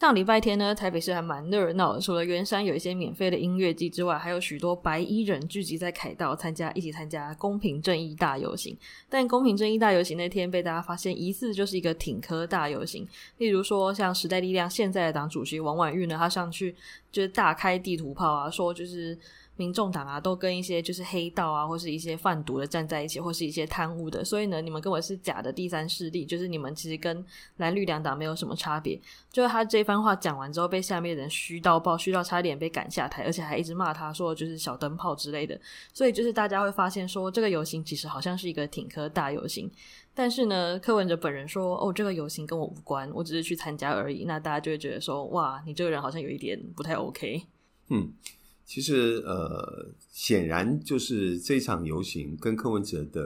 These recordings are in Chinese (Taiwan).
上禮拜天呢，台北市還蠻熱鬧的。除了圓山有一些免費的音樂季之外，還有許多白衣人聚集在凱道參加，一起參加公平正義大遊行。但公平正義大遊行那天被大家發現，疑似就是一個挺柯大遊行。例如說，像時代力量現在的黨主席王婉諭呢，他上去就是大開地圖炮啊，說就是。民眾黨啊，都跟一些就是黑道啊，或是一些販毒的站在一起，或是一些貪污的。所以呢，你們根本是假的第三勢力，就是你們其實跟藍綠兩黨沒有什麼差別。就是他這番話講完之後，被下面人噓到爆，噓到差點被趕下台，而且還一直罵他說就是小燈泡之類的。所以就是大家會發現說，這個遊行其實好像是一個挺柯大遊行，但是呢，柯文哲本人說哦，這個遊行跟我無關，我只是去參加而已。那大家就會覺得說，哇，你這個人好像有一點不太 OK。嗯。其實，呃，顯然就是這場遊行跟柯文哲的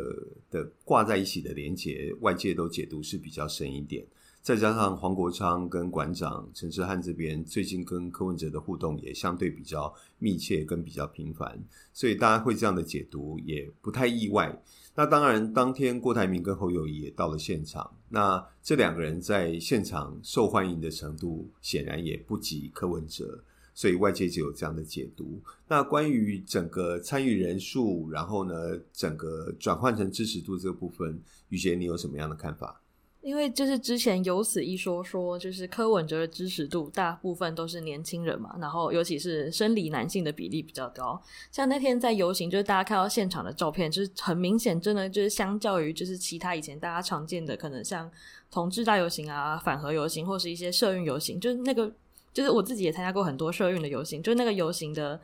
的掛在一起的連結，外界都解讀是比較深一點。再加上黃國昌跟館長陳之漢這邊最近跟柯文哲的互動也相對比較密切跟比較頻繁，所以大家會這樣的解讀也不太意外。那當然，當天郭台銘跟侯友宜也到了現場，那這兩個人在現場受歡迎的程度顯然也不及柯文哲。所以外界就有這樣的解讀。那關於整個參與人數，然後呢，整個轉換成支持度這個部分，玉潔，你有什麼樣的看法？因為就是之前有此一說，說就是柯文哲的支持度大部分都是年輕人嘛，然後尤其是生理男性的比例比較高。像那天在遊行，就是大家看到現場的照片，就是很明顯，真的就是相較於就是其他以前大家常見的，可能像同志大遊行啊、反核遊行或是一些社運遊行，就是那個。就是我自己也參加過很多社運的遊行，就是那個遊行的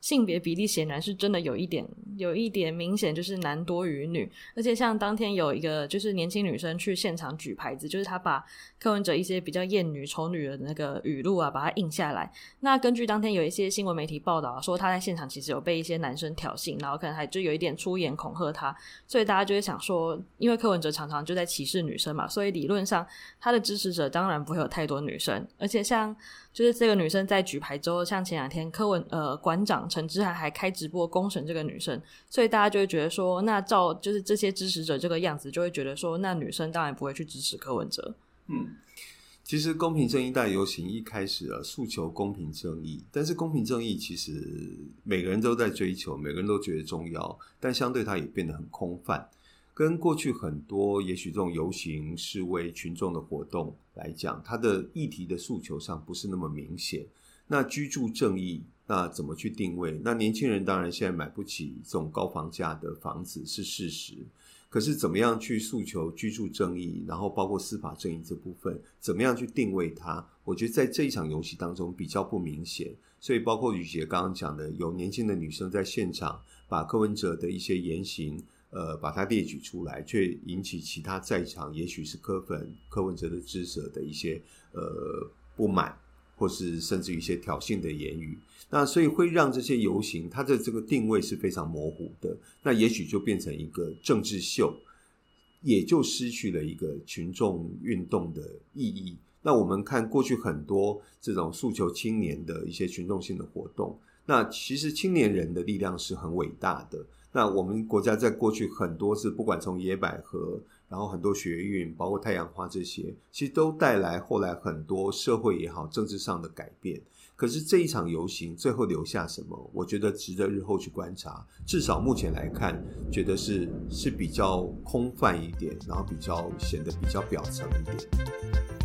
性別比例顯然是真的有一點，有一點明顯就是男多於女。而且像當天有一個就是年輕女生去現場舉牌子，就是她把柯文哲一些比較厭女醜女的那個語錄啊，把它印下來。那根據當天有一些新聞媒體報道說，她在現場其實有被一些男生挑釁，然後可能還就有一點出言恐嚇她。所以大家就會想說，因為柯文哲常常就在歧視女生嘛，所以理論上他的支持者當然不會有太多女生，而且像。就是這個女生在舉牌之後，像前兩天柯文呃館長陳之漢還開直播公審這個女生，所以大家就會覺得說，那照就是這些支持者這個樣子，就會覺得說，那女生當然不會去支持柯文哲。嗯，其實公平正義大遊行一開始了、啊、訴求公平正義，但是公平正義其實每個人都在追求，每個人都覺得重要，但相對它也變得很空泛。跟過去很多，也許這種遊行示威群眾的活動來講，它的議題的訴求上不是那麼明顯。那居住正義，那怎麼去定位？那年輕人當然現在買不起這種高房價的房子是事實，可是怎麼樣去訴求居住正義，然後包括司法正義這部分，怎麼樣去定位它？我覺得在這一場遊戲當中比較不明顯。所以包括宇杰剛剛講的，有年輕的女生在現場把柯文哲的一些言行。呃，把它列舉出來，卻引起其他在場，也許是柯粉柯文哲的支持者的一些呃不滿，或是甚至一些挑釁的言語。那所以會讓這些遊行它的這個定位是非常模糊的。那也許就變成一個政治秀，也就失去了一個群眾運動的意義。那我們看過去很多這種訴求青年的一些群眾性的活動，那其實青年人的力量是很偉大的。那我們國家在過去很多次，不管從野百合，然後很多學運，包括太陽花這些，其實都帶來後來很多社會也好、政治上的改變。可是這一場遊行最後留下什麼？我覺得值得日後去觀察。至少目前來看，覺得是是比較空泛一點，然後比較顯得比較表層一點。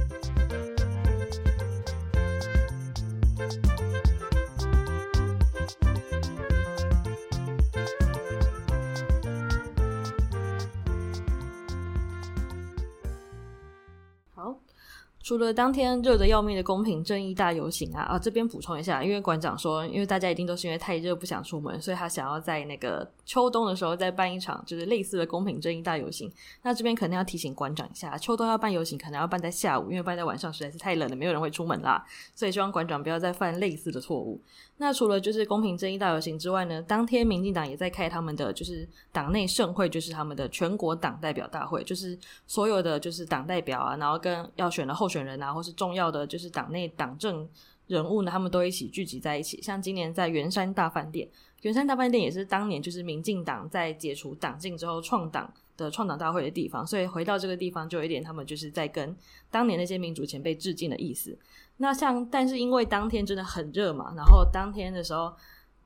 除了當天熱得要命的公平正義大遊行啊，啊，這邊補充一下，因為館長說，因為大家一定都是因為太熱不想出門，所以他想要在那個秋冬的時候再辦一場，就是類似的公平正義大遊行。那這邊可能要提醒館長一下，秋冬要辦遊行，可能要辦在下午，因為辦在晚上實在是太冷了，沒有人會出門啦。所以希望館長不要再犯類似的錯誤。那除了就是公平正義大遊行之外呢，當天民進黨也在開他們的就是黨內盛會，就是他們的全國黨代表大會，就是所有的就是黨代表啊，然後跟要選的候選人啊，或是重要的就是黨內黨政人物呢，他們都一起聚集在一起。像今年在圓山大飯店，圓山大飯店也是當年就是民進黨在解除黨禁之後創黨的創黨大會的地方，所以回到這個地方就有一點他們就是在跟當年那些民主前輩致敬的意思。那像，但是因為當天真的很熱嘛，然後當天的時候，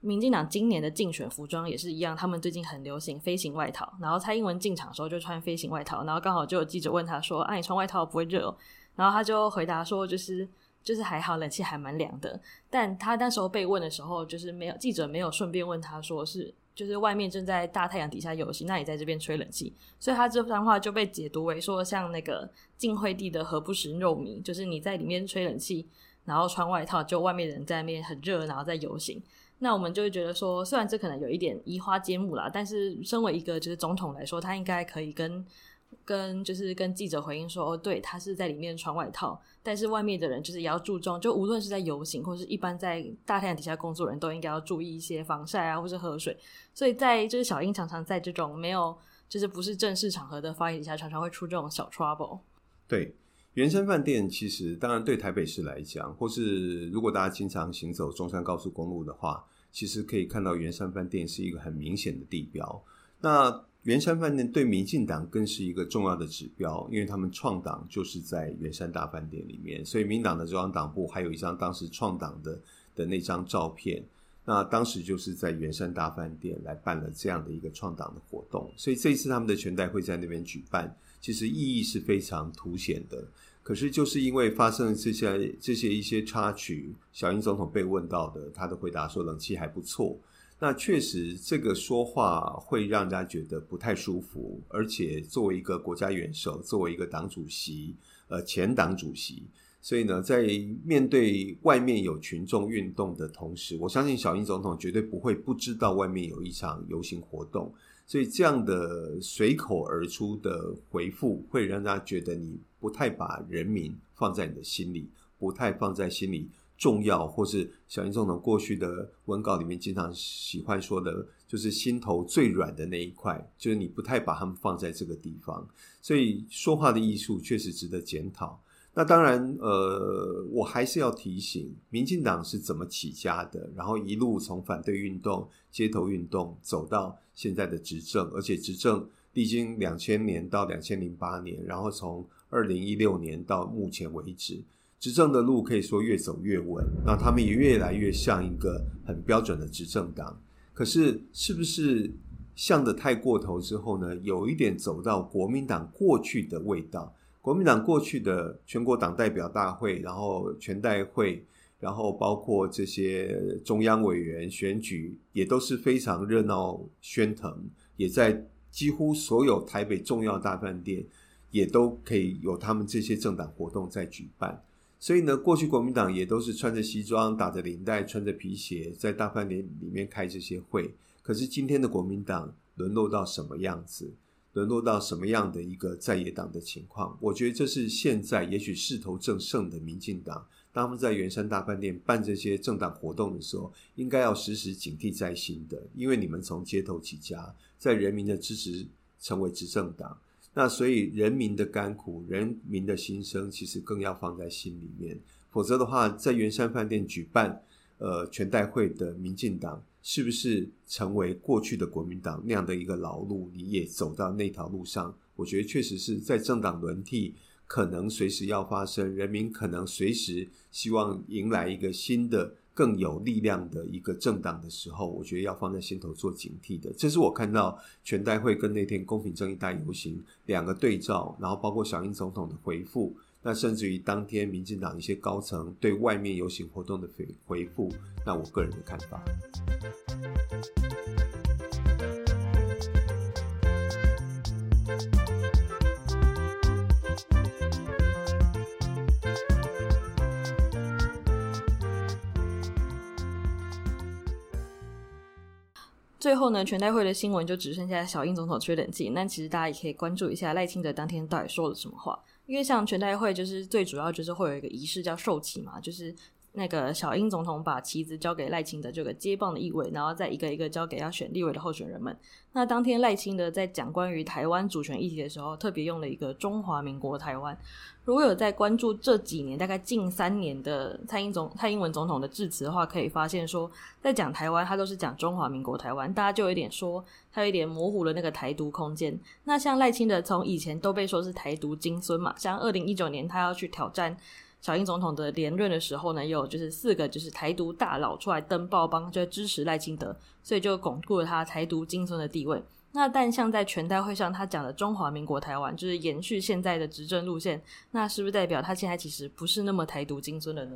民進黨今年的競選服裝也是一樣，他們最近很流行飛行外套，然後蔡英文進場的時候就穿飛行外套，然後剛好就有記者問他說：“啊，你穿外套不會熱哦？”然後他就回答說：“就是就是還好，冷氣還蠻涼的。”但他那時候被問的時候，就是沒有記者沒有順便問他說是。就是外面正在大太陽底下遊行，那你在這邊吹冷氣，所以他這段話就被解讀為說，像那個晉惠帝的何不食肉糜，就是你在裡面吹冷氣，然後穿外套，就外面的人在那邊很熱，然後在遊行。那我們就會覺得說，雖然這可能有一點移花接木啦，但是身為一個就是總統來說，他應該可以跟。跟就是跟記者回應說，對他是在裡面穿外套，但是外面的人就是也要注重，就無論是在遊行或是一般在大太陽底下工作人，人都應該要注意一些防曬啊，或是喝水。所以在，在就是小英常常在這種沒有就是不是正式場合的發言底下，常常會出這種小 trouble。對，圓山飯店其實當然對台北市來講，或是如果大家經常行走中山高速公路的話，其實可以看到圓山飯店是一個很明顯的地標。那。圓山飯店對民進黨更是一個重要的指標，因為他們創黨就是在圓山大飯店裡面，所以民進黨的中央黨部還有一張當時創黨的的那張照片。那當時就是在圓山大飯店來辦了這樣的一個創黨的活動，所以這一次他們的全代會在那邊舉辦，其實意義是非常凸顯的。可是就是因為發生了這些這些一些插曲，小英總統被問到的，他的回答說冷氣還不錯。那確實，這個說話會讓人家覺得不太舒服，而且作為一個國家元首，作為一個黨主席，呃，前黨主席，所以呢，在面對外面有群眾運動的同時，我相信小英總統絕對不會不知道外面有一場遊行活動，所以這樣的隨口而出的回復會讓大家覺得你不太把人民放在你的心裡，不太放在心裡。重要，或是小英總統過去的文稿裡面，經常喜歡說的，就是心頭最軟的那一塊，就是你不太把他們放在這個地方，所以說話的藝術確實值得檢討。那當然，呃，我還是要提醒，民進黨是怎麼起家的，然後一路從反對運動、街頭運動走到現在的執政，而且執政歷經兩千年到兩千零八年，然後從二零一六年到目前為止。執政的路可以說越走越穩，那他們也越來越像一個很標準的執政黨。可是，是不是像得太過頭之後呢？有一點走到國民黨過去的味道。國民黨過去的全國黨代表大會，然後全代會，然後包括這些中央委員選舉，也都是非常熱鬧喧騰，也在幾乎所有台北重要大飯店，也都可以有他們這些政黨活動在舉辦。所以呢，過去國民黨也都是穿着西裝、打着領帶、穿着皮鞋，在大飯店裡面開這些會。可是今天的國民黨淪落到什麼樣子？淪落到什麼樣的一個在野黨的情況？我覺得這是現在也許勢頭正盛的民進黨，當他們在圓山大飯店辦這些政黨活動的時候，應該要時時警惕在心的，因為你們從街頭起家，在人民的支持成為執政黨。那所以人民的甘苦、人民的心聲，其實更要放在心裡面。否則的話，在圓山飯店舉辦，呃，全代會的民進黨，是不是成為過去的國民黨那樣的一個老路？你也走到那條路上？我覺得確實是在政黨輪替，可能隨時要發生，人民可能隨時希望迎來一個新的。更有力量的一個政黨的時候，我覺得要放在心頭做警惕的。這是我看到全代會跟那天公平正義大遊行兩個對照，然後包括小英總統的回復，那甚至於當天民進黨一些高層對外面遊行活動的回回復，那我個人的看法。最後呢，全代會的新聞就只剩下小英總統吹冷氣。那其實大家也可以關注一下賴清德當天到底說了什麼話，因為像全代會就是最主要就是會有一個儀式叫授旗嘛，就是。那個小英總統把旗子交給賴清德這個接棒的意味，然後再一個一個交給要選立委的候選人們。那當天賴清德在講關於台灣主權議題的時候，特別用了一個“中華民國台灣”。如果有在關注這幾年，大概近三年的蔡英總，蔡英文總統的致辭的話，可以發現說，在講台灣，他都是講“中華民國台灣”，大家就有一點說他有一點模糊了那個台獨空間。那像賴清德從以前都被說是台獨金孫嘛，像二零一九年他要去挑戰。小英總統的連任的時候呢，有就是四個就是台獨大佬出來登報幫，就支持賴清德，所以就鞏固了他台獨金孫的地位。那但像在全代會上他講的“中華民國台灣”，就是延續現在的執政路線，那是不是代表他現在其實不是那麼台獨金孫了呢？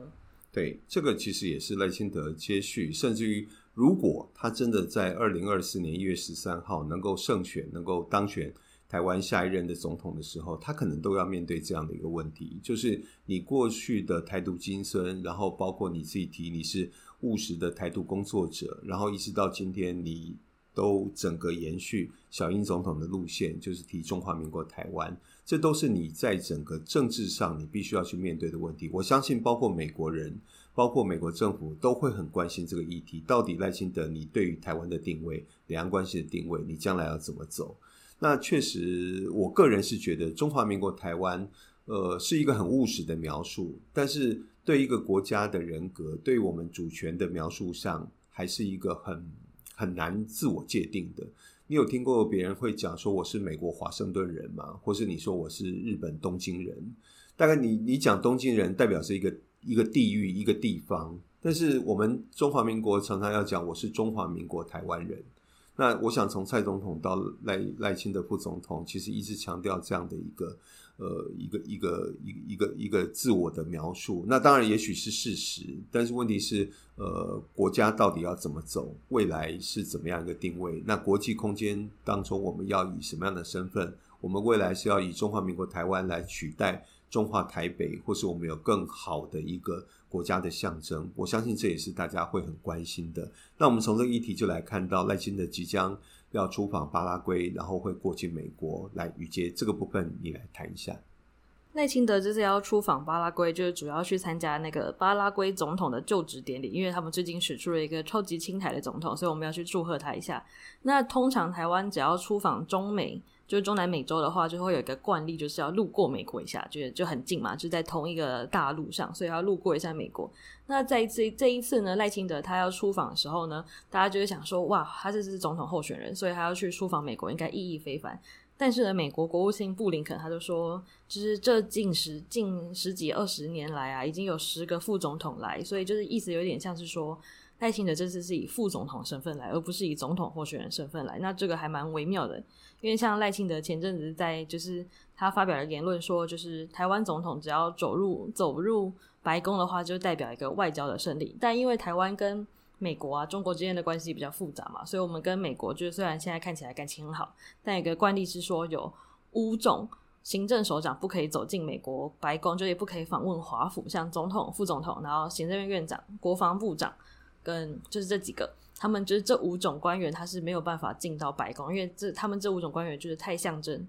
對，這個其實也是賴清德接續，甚至於如果他真的在二零二四年一月十三號能夠勝選，能夠當選。台灣下一任的總統的時候，他可能都要面對這樣的一個問題，就是你過去的台獨金孫，然後包括你自己提你是務實的台獨工作者，然後一直到今天，你都整個延續小英總統的路線，就是提中華民國台灣，這都是你在整個政治上你必須要去面對的問題。我相信，包括美國人，包括美國政府，都會很關心這個議題，到底賴清德你對於台灣的定位、兩岸關係的定位，你將來要怎麼走？那確實，我個人是覺得中華民國台灣，呃，是一個很務實的描述，但是對一個國家的人格、對我們主權的描述上，還是一個很，很難自我界定的。你有聽過別人會講說我是美國華盛頓人嗎？或是你說我是日本東京人？大概你，你講東京人代表是一個，一個地域，一個地方，但是我們中華民國常常要講我是中華民國台灣人。那我想從蔡總統到賴賴清德副總統，其實一直強調這樣的一個，呃，一個一個一一個一個，一個自我的描述。那當然，也許是事實，但是問題是，呃，國家到底要怎麼走？未來是怎麼樣一個定位？那國際空間當中，我們要以什麼樣的身份？我們未來是要以中華民國台灣來取代？中華台北，或是我們有更好的一個國家的象徵，我相信這也是大家會很關心的。那我們從這個議題就來看到賴清德即將要出訪巴拉圭，然後會過去美國來。雨潔，這個部分，你來談一下。賴清德這次要出訪巴拉圭，就是主要去參加那個巴拉圭總統的就職典禮。因為他們最近選出了一個超級親台的總統，所以我們要去祝賀他一下。那通常台灣只要出訪中美，就是中南美洲的話，就會有一個慣例，就是要路過美國一下，就是就很近嘛，就在同一個大陸上，所以要路過一下美國。那在這這一次呢，賴清德他要出訪的時候呢，大家就會想說，哇，他這是總統候選人，所以他要去出訪美國，應該意義非凡。但是呢，美國國務卿布林肯他就說，就是這近十近十幾二十年來啊，已經有十個副總統來，所以就是意思有點像是說賴清德這次是以副總統身份來，而不是以總統候選人身份來。那這個還蠻微妙的，因為像賴清德前陣子在就是他發表的言論說，就是台灣總統只要走入走入白宮的話，就代表一個外交的勝利。但因為台灣跟美國啊，中國之間的關係比較複雜嘛，所以我們跟美國就是雖然現在看起來感情很好，但有一個慣例是說有五種行政首長不可以走進美國白宮，就也不可以訪問華府，像總統、副總統，然後行政院院長、國防部長，跟就是這幾個，他們就是這五種官員，他是沒有辦法進到白宮，因為這他們這五種官員就是太象徵。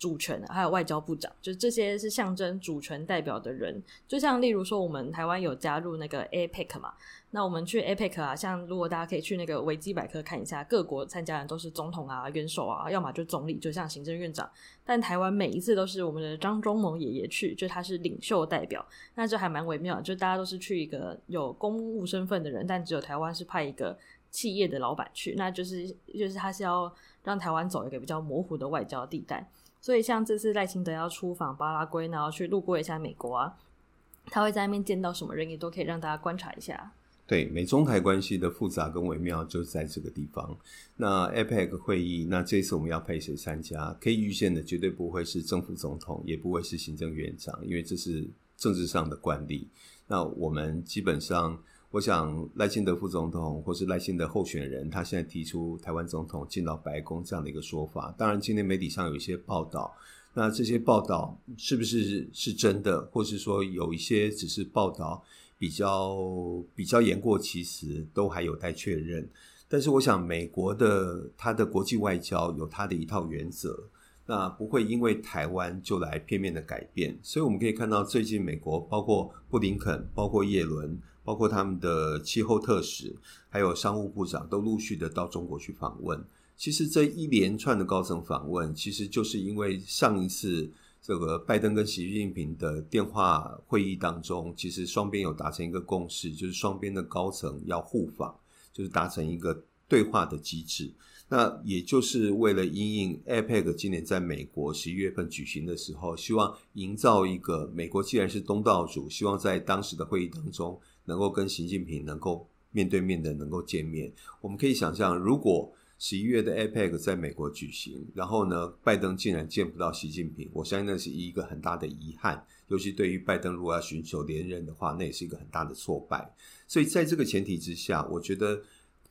主權還有外交部長，就這些是象徵主權代表的人。就像例如說，我們台灣有加入那個 APEC 嘛，那我們去 APEC 啊，像如果大家可以去那個維基百科看一下，各國參加人都是總統啊、元首啊，要麼就總理，就像行政院長。但台灣每一次都是我們的張忠謀爺爺去，就他是領袖代表。那這還蠻微妙的，就大家都是去一個有公務身份的人，但只有台灣是派一個企業的老闆去。那就是就是他是要讓台灣走一個比較模糊的外交地帶。所以，像這次賴清德要出訪巴拉圭，然後去路過一下美國啊，他會在那邊見到什麼人，也都可以讓大家觀察一下。對，美中台關係的複雜跟微妙就是在這個地方。那 APEC 會議，那這次我們要派誰參加？可以預見的，絕對不會是政府總統，也不會是行政院長，因為這是政治上的慣例。那我們基本上。我想賴清德副總統，或是賴清德候選人，他現在提出台灣總統進到白宮這樣的一個說法。當然，今天媒體上有一些報道，那這些報道是不是是真的，或是說有一些只是報道比較比較言過其實，都還有待確認。但是，我想美國的他的國際外交有他的一套原則。那不會因為台灣就來片面的改變，所以我們可以看到，最近美國包括布林肯、包括耶倫、包括他們的氣候特使，還有商務部長，都陸續的到中國去訪問。其實這一連串的高層訪問，其實就是因為上一次這個拜登跟習近平的電話會議當中，其實雙邊有達成一個共識，就是雙邊的高層要互訪，就是達成一個對話的機制。那也就是為了因應 APEC 今年在美國十一月份舉行的時候，希望營造一個美國既然是東道主，希望在當時的會議當中能夠跟習近平能夠面對面的能夠見面。我們可以想象，如果十一月的 APEC 在美國舉行，然後呢，拜登竟然見不到習近平，我相信那是一個很大的遺憾。尤其對於拜登，如果要尋求連任的話，那也是一個很大的挫敗。所以在這個前提之下，我覺得，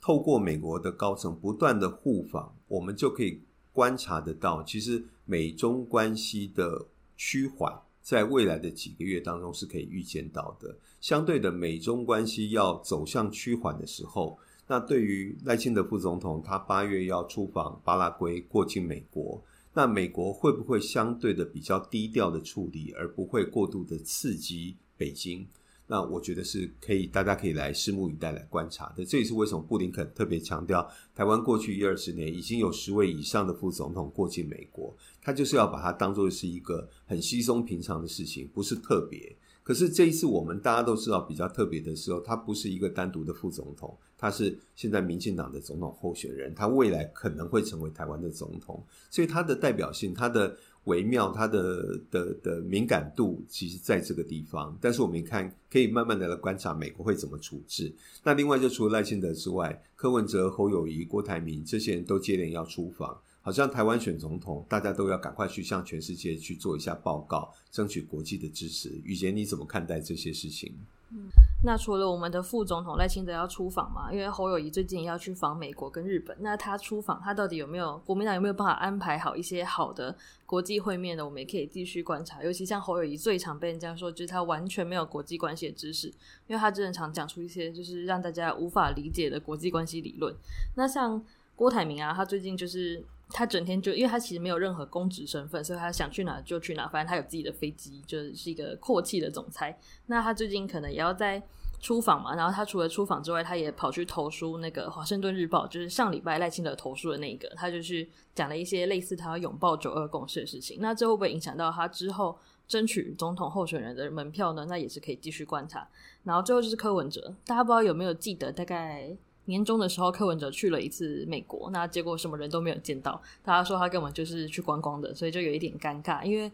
透過美國的高層不斷的互訪，我們就可以觀察得到，其實美中關係的趨緩，在未來的幾個月當中是可以預見到的。相對的，美中關係要走向趨緩的時候，那對於賴清德副總統，他八月要出訪巴拉圭，過境美國，那美國會不會相對的比較低調的處理，而不會過度的刺激北京？那我覺得是可以，大家可以來拭目以待，來觀察的，這也是為什麼布林肯特別強調，台灣過去一二十年已經有十位以上的副總統過境美國，他就是要把它當作是一個很稀鬆平常的事情，不是特別。可是這一次我們大家都知道，比較特別的時候，他不是一個單獨的副總統，他是現在民進黨的總統候選人，他未來可能會成為台灣的總統，所以他的代表性，他的。微妙，他的的的，的敏感度，其實在這個地方。但是我們看，可以慢慢的來觀察美國會怎麼處置。那另外，就除了賴清德之外，柯文哲、侯友宜、郭台銘這些人都接連要出訪，好像台灣選總統，大家都要趕快去向全世界去做一下報告，爭取國際的支持。雨潔，你怎麼看待這些事情？嗯，那除了我們的副總統賴清德要出訪嘛，因為侯友宜最近要去訪美國跟日本，那他出訪，他到底有沒有國民黨有沒有辦法安排好一些好的國際會面呢？我們也可以繼續觀察。尤其像侯友宜最常被人這樣說，就是他完全沒有國際關係的知識，因為他經常講出一些就是讓大家無法理解的國際關係理論。那像郭台銘啊，他最近就是。他整天就，因為他其實沒有任何公職身份，所以他想去哪就去哪，反正他有自己的飛機，就是一個闊氣的總裁。那他最近可能也要在出訪嘛，然後他除了出訪之外，他也跑去投書那個《華盛頓日報》，就是上禮拜賴清德投書的那一個，他就是講了一些類似他要擁抱九二共識的事情。那這會不會影響到他之後爭取總統候選人的門票呢？那也是可以繼續觀察。然後最後就是柯文哲，大家不知道有沒有記得大概。年中的時候，柯文哲去了一次美國，那結果什麼人都沒有見到。大家說他根本就是去觀光的，所以就有一點尷尬。因為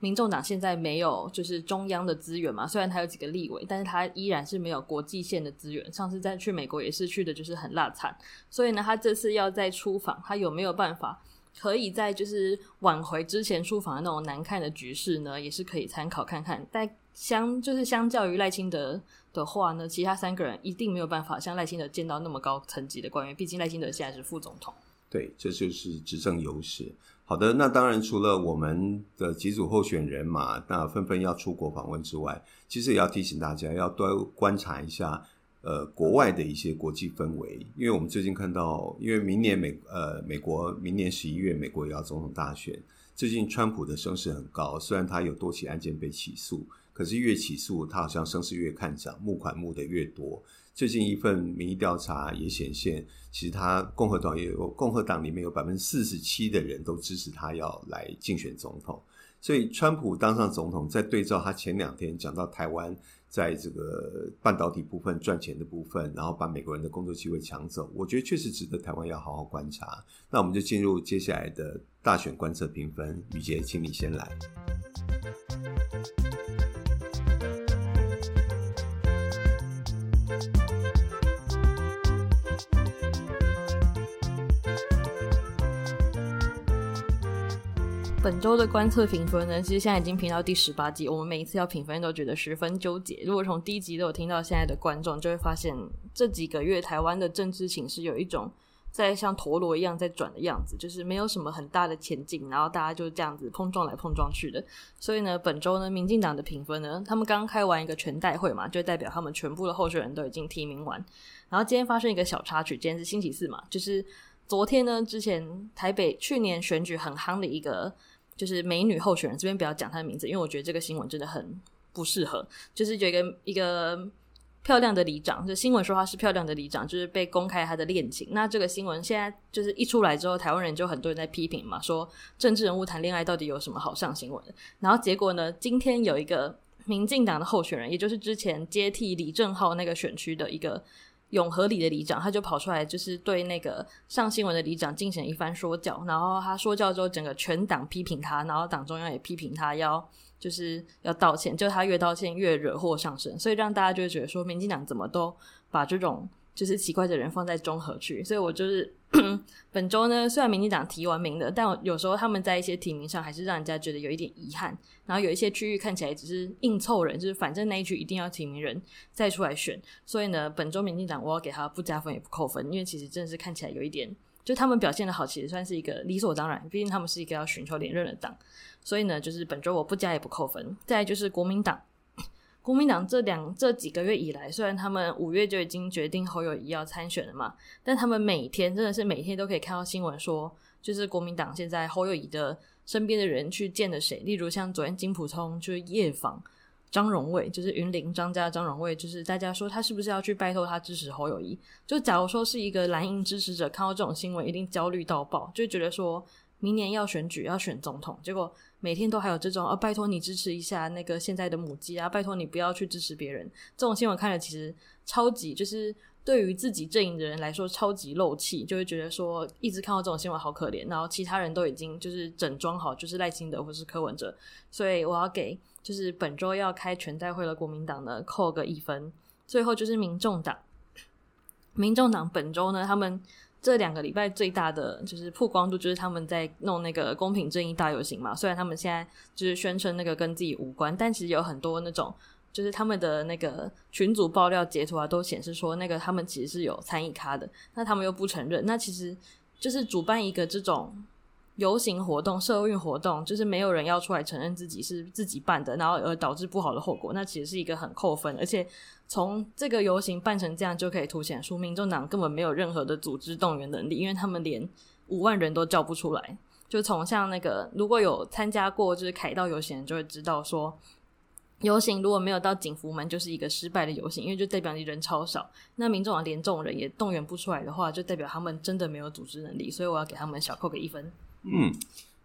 民眾黨現在沒有就是中央的資源嘛，雖然他有幾個立委，但是他依然是沒有國際線的資源。上次在去美國也是去的，就是很辣慘。所以呢，他這次要再出訪，他有沒有辦法可以再就是挽回之前出訪的那種難看的局勢呢？也是可以參考看看。但相，就是相較於賴清德的話呢，其他三個人一定沒有辦法像賴清德見到那麼高層級的官員，畢竟賴清德現在是副總統。對，這就是執政優勢。好的，那當然除了我們的幾組候選人嘛，那紛紛要出國訪問之外，其實也要提醒大家要多觀察一下呃國外的一些國際氛圍，因為我們最近看到，因為明年美呃美國明年十一月美國也要總統大選，最近川普的聲勢很高，雖然他有多起案件被起訴。可是越起訴，他好像聲勢越看漲，募款募得越多。最近一份民意調查也顯現，其實他共和黨也有，共和黨裡面有百分之四十七的人都支持他要來競選總統。所以川普當上總統，在對照他前兩天講到台灣在這個半導體部分賺錢的部分，然後把美國人的工作機會搶走，我覺得確實值得台灣要好好觀察。那我們就進入接下來的大選觀測評分，雨杰，請你先來。本週的觀測評分呢，其實現在已經評到第十八集。我們每一次要評分都覺得十分糾結。如果從第一集都有聽到，現在的觀眾就會發現，這幾個月台灣的政治形勢有一種在像陀螺一樣在轉的樣子，就是沒有什麼很大的前進，然後大家就這樣子碰撞來碰撞去的。所以呢，本週呢，民進黨的評分呢，他們剛開完一個全代會嘛，就代表他們全部的候選人都已經提名完。然後今天發生一個小插曲，今天是星期四嘛，就是昨天呢，之前台北去年選舉很夯的一個。就是美女候選人這邊不要講她的名字，因為我覺得這個新聞真的很不適合。就是有一個一個漂亮的里長，就新聞說她是漂亮的里長，就是被公開她的戀情。那這個新聞現在就是一出來之後，台灣人就很多人在批評嘛，說政治人物談戀愛到底有什麼好上新聞？然後結果呢，今天有一個民進黨的候選人，也就是之前接替李正浩那個選區的一個。永和里的里長，他就跑出來，就是對那個上新聞的里長進行一番說教，然後他說教之後，整個全黨批評他，然後黨中央也批評他要，要就是要道歉，就他越道歉越惹禍上身，所以讓大家就會覺得說民進黨怎麼都把這種。就是奇怪的人放在中和區，所以我就是 本周呢，雖然民進黨提完名了，但有時候他們在一些提名上還是讓人家覺得有一點遺憾。然後有一些區域看起來只是硬湊人，就是反正那一區一定要提名人再出來選。所以呢，本周民進黨我要給他不加分也不扣分，因為其實真的是看起來有一點，就他們表現得好，其實算是一個理所當然。畢竟他們是一個要尋求連任的黨，所以呢，就是本周我不加也不扣分。再來就是國民黨。國民黨這兩這幾個月以來，雖然他們五月就已經決定侯友宜要參選了嘛，但他們每天真的是每天都可以看到新聞說，說就是國民黨現在侯友宜的身邊的人去見了誰，例如像昨天金溥聰就是夜訪張榮味，就是雲林張家張榮味，就是大家說他是不是要去拜托他支持侯友宜？就假如說是一個藍營支持者，看到這種新聞一定焦慮到爆，就覺得說明年要選舉，要選總統，結果。每天都還有這種啊、哦，拜託你支持一下那個現在的母雞啊！拜託你不要去支持別人，這種新聞看了其實超級，就是對於自己陣營的人來說超級漏氣，就會覺得說一直看到這種新聞好可憐。然後其他人都已經就是整裝好，就是賴清德或是柯文哲。所以我要給就是本周要開全代會的，國民黨的扣個一分。最後就是民眾黨，民眾黨本周呢，他們。這兩個禮拜最大的就是曝光度，就是他們在弄那個公平正義大遊行嘛。雖然他們現在就是宣稱那個跟自己無關，但其實有很多那種就是他們的那個群組爆料截圖啊，都顯示說那個他們其實是有參與他的。那他們又不承認，那其實就是主辦一個這種。遊行活動、社運活動，就是沒有人要出來承認自己是自己辦的，然後而導致不好的後果，那其實是一個很扣分。而且從這個遊行辦成這樣，就可以凸顯出民眾黨根本沒有任何的組織動員能力，因為他們連五萬人都叫不出來。就從像那個如果有參加過就是凱道遊行就會知道說，說遊行如果沒有到景福門，就是一個失敗的遊行，因為就代表你人超少。那民眾黨連這種人也動員不出來的話，就代表他們真的沒有組織能力，所以我要給他們小扣個一分。嗯，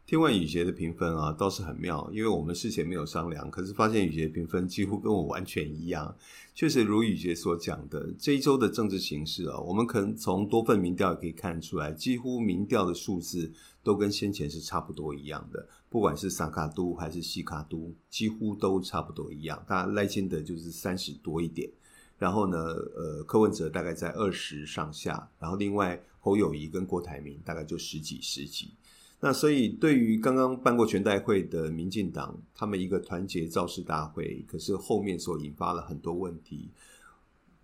聽完雨傑的評分啊，倒是很妙，因為我們事前沒有商量，可是發現雨傑的評分幾乎跟我完全一樣。確實如雨傑所講的，這一周的政治形勢啊，我們可能從多份民調也可以看出來，幾乎民調的數字都跟先前是差不多一樣的。不管是三腳督還是四腳督，幾乎都差不多一樣。大家賴清德就是三十多一點，然後呢，呃，柯文哲大概在二十上下，然後另外侯友宜跟郭台銘大概就十幾、十幾。那所以，對於剛剛辦過全代會的民進黨，他們一個團結造勢大會，可是後面所引發了很多問題，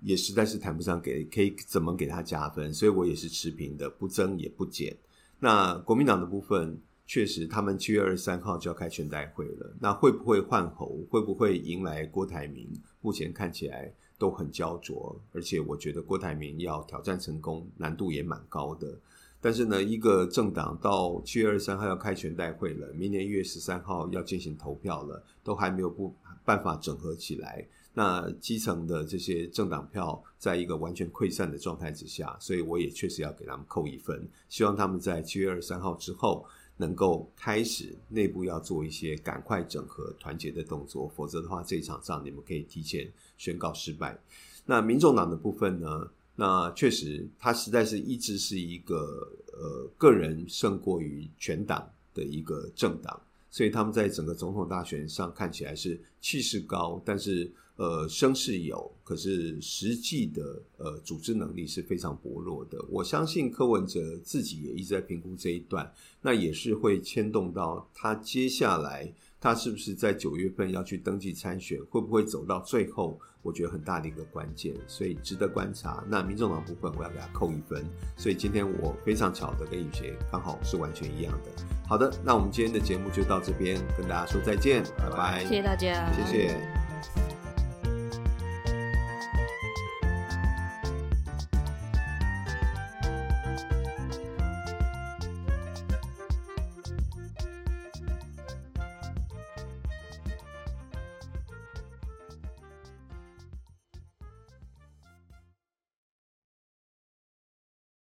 也實在是談不上給可以怎麼給他加分，所以我也是持平的，不增也不減。那國民黨的部分，確實他們七月二十三號就要開全代會了，那會不會換侯？會不會迎來郭台銘？目前看起來都很焦灼，而且我覺得郭台銘要挑戰成功，難度也蠻高的。但是呢，一個政黨到七月二十三號要開全代會了，明年一月十三號要進行投票了，都還沒有不辦法整合起來。那基層的這些政黨票，在一個完全潰散的狀態之下，所以我也確實要給他們扣一分。希望他們在七月二十三號之後，能夠開始內部要做一些趕快整合團結的動作，否則的話，這一場仗你們可以提前宣告失敗。那民眾黨的部分呢？那確實，他實在是一直是一個呃個人勝過於全黨的一個政黨，所以他們在整個總統大選上看起來是氣勢高，但是呃聲勢有，可是實際的呃組織能力是非常薄弱的。我相信柯文哲自己也一直在評估這一段，那也是會牽動到他接下來，他是不是在九月份要去登記參選？會不會走到最後？我覺得很大的一個關鍵，所以值得觀察。那民眾黨部分，我要給他扣一分。所以今天我非常巧的跟雨杰剛好是完全一樣的。好的，那我們今天的節目就到這邊，跟大家說再見，拜拜，謝謝大家，謝謝。